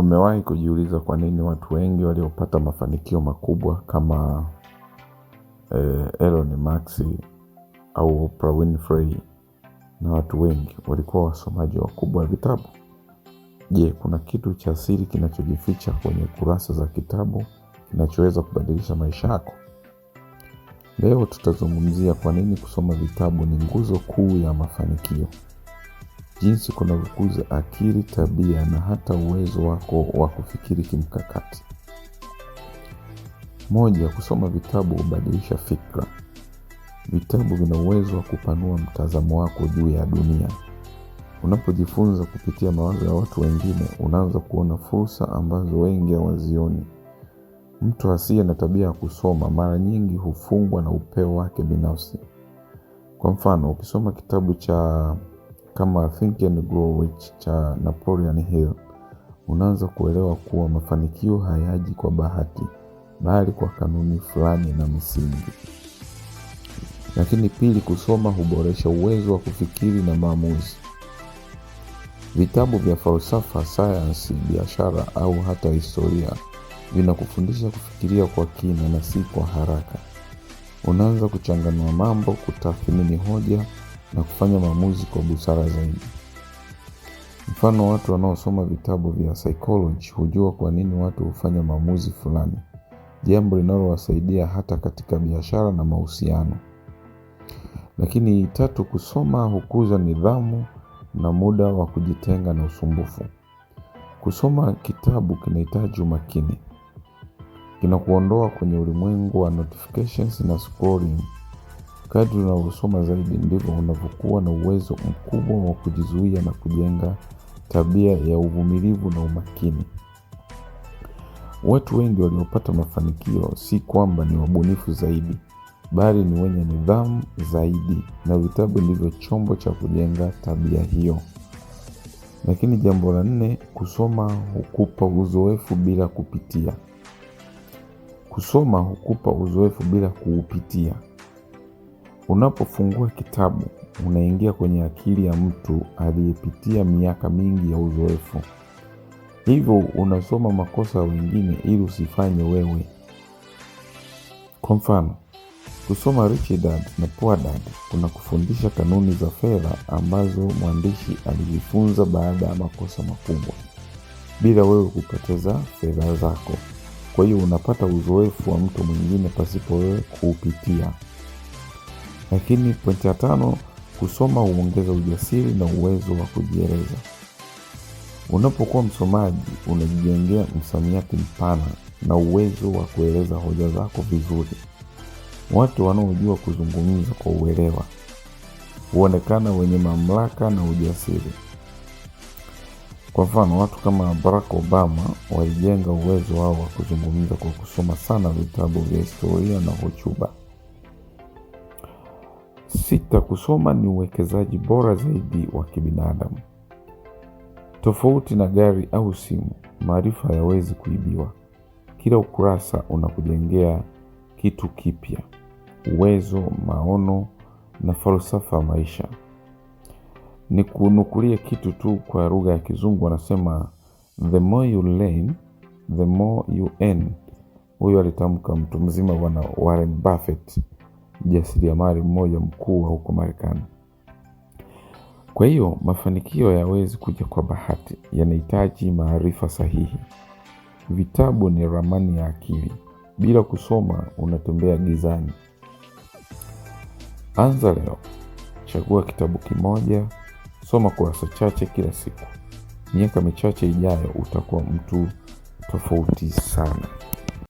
Umewahi kujiuliza kwa nini watu wengi waliopata mafanikio makubwa kama eh, Elon Musk au Oprah Winfrey na watu wengi walikuwa wasomaji wakubwa wa vitabu? Je, kuna kitu cha siri kinachojificha kwenye kurasa za kitabu kinachoweza kubadilisha maisha yako? Leo tutazungumzia kwa nini kusoma vitabu ni nguzo kuu ya mafanikio jinsi kunavyokuza akili, tabia na hata uwezo wako wa kufikiri kimkakati. Moja, kusoma vitabu hubadilisha fikra. Vitabu vina uwezo wa kupanua mtazamo wako juu ya dunia. Unapojifunza kupitia mawazo ya watu wengine, unaanza kuona fursa ambazo wengi hawazioni. Mtu asiye na tabia ya kusoma mara nyingi hufungwa na upeo wake binafsi. Kwa mfano, ukisoma kitabu cha kama Think and Grow Rich cha Napoleon Hill, unaanza kuelewa kuwa mafanikio hayaji kwa bahati, bali kwa kanuni fulani na misingi. Lakini pili, kusoma huboresha uwezo wa kufikiri na maamuzi. Vitabu vya falsafa, sayansi, biashara au hata historia vinakufundisha kufikiria kwa kina na si kwa haraka. Unaanza kuchanganua mambo, kutathmini hoja na kufanya maamuzi kwa busara zaidi. Mfano, watu wanaosoma vitabu vya psychology hujua kwa nini watu hufanya maamuzi fulani, jambo linalowasaidia hata katika biashara na mahusiano. Lakini tatu, kusoma hukuza nidhamu na muda wa kujitenga na usumbufu. Kusoma kitabu kinahitaji umakini, kinakuondoa kwenye ulimwengu wa notifications na scrolling Kadri unavyosoma zaidi ndivyo unavyokuwa na uwezo mkubwa wa kujizuia na kujenga tabia ya uvumilivu na umakini. Watu wengi waliopata mafanikio si kwamba ni wabunifu zaidi, bali ni wenye nidhamu zaidi, na vitabu ndivyo chombo cha kujenga tabia hiyo. Lakini jambo la nne, kusoma hukupa uzoefu bila kupitia. Kusoma hukupa uzoefu bila kuupitia. Unapofungua kitabu unaingia kwenye akili ya mtu aliyepitia miaka mingi ya uzoefu, hivyo unasoma makosa ya wengine ili usifanye wewe. Kwa mfano, kusoma Rich Dad na Poor Dad kuna kufundisha kanuni za fedha ambazo mwandishi alijifunza baada ya makosa makubwa, bila wewe kupoteza fedha zako. Kwa hiyo unapata uzoefu wa mtu mwingine pasipo wewe kuupitia. Lakini pointi ya tano, kusoma huongeza ujasiri na uwezo wa kujieleza. Unapokuwa msomaji, unajijengea msamiati mpana na uwezo wa kueleza hoja zako vizuri. Watu wanaojua kuzungumza kwa uelewa huonekana wenye mamlaka na ujasiri. Kwa mfano, watu kama Barack Obama walijenga uwezo wao wa kuzungumza kwa kusoma sana vitabu vya historia na hotuba. Sita, kusoma ni uwekezaji bora zaidi wa kibinadamu. Tofauti na gari au simu, maarifa hayawezi kuibiwa. Kila ukurasa unakujengea kitu kipya, uwezo, maono na falsafa ya maisha. Ni kunukulia kitu tu, kwa lugha ya Kizungu wanasema the more you learn, the more you earn. Huyo alitamka mtu mzima, Bwana Warren Buffett mjasiriamali mmoja wa huko Marekani. Kwa hiyo mafanikio hayawezi kuja kwa bahati, yanahitaji maarifa sahihi. Vitabu ni ramani ya akili, bila kusoma unatembea gizani. Anza leo, chagua kitabu kimoja, soma kurasa chache kila siku. Miaka michache ijayo utakuwa mtu tofauti sana.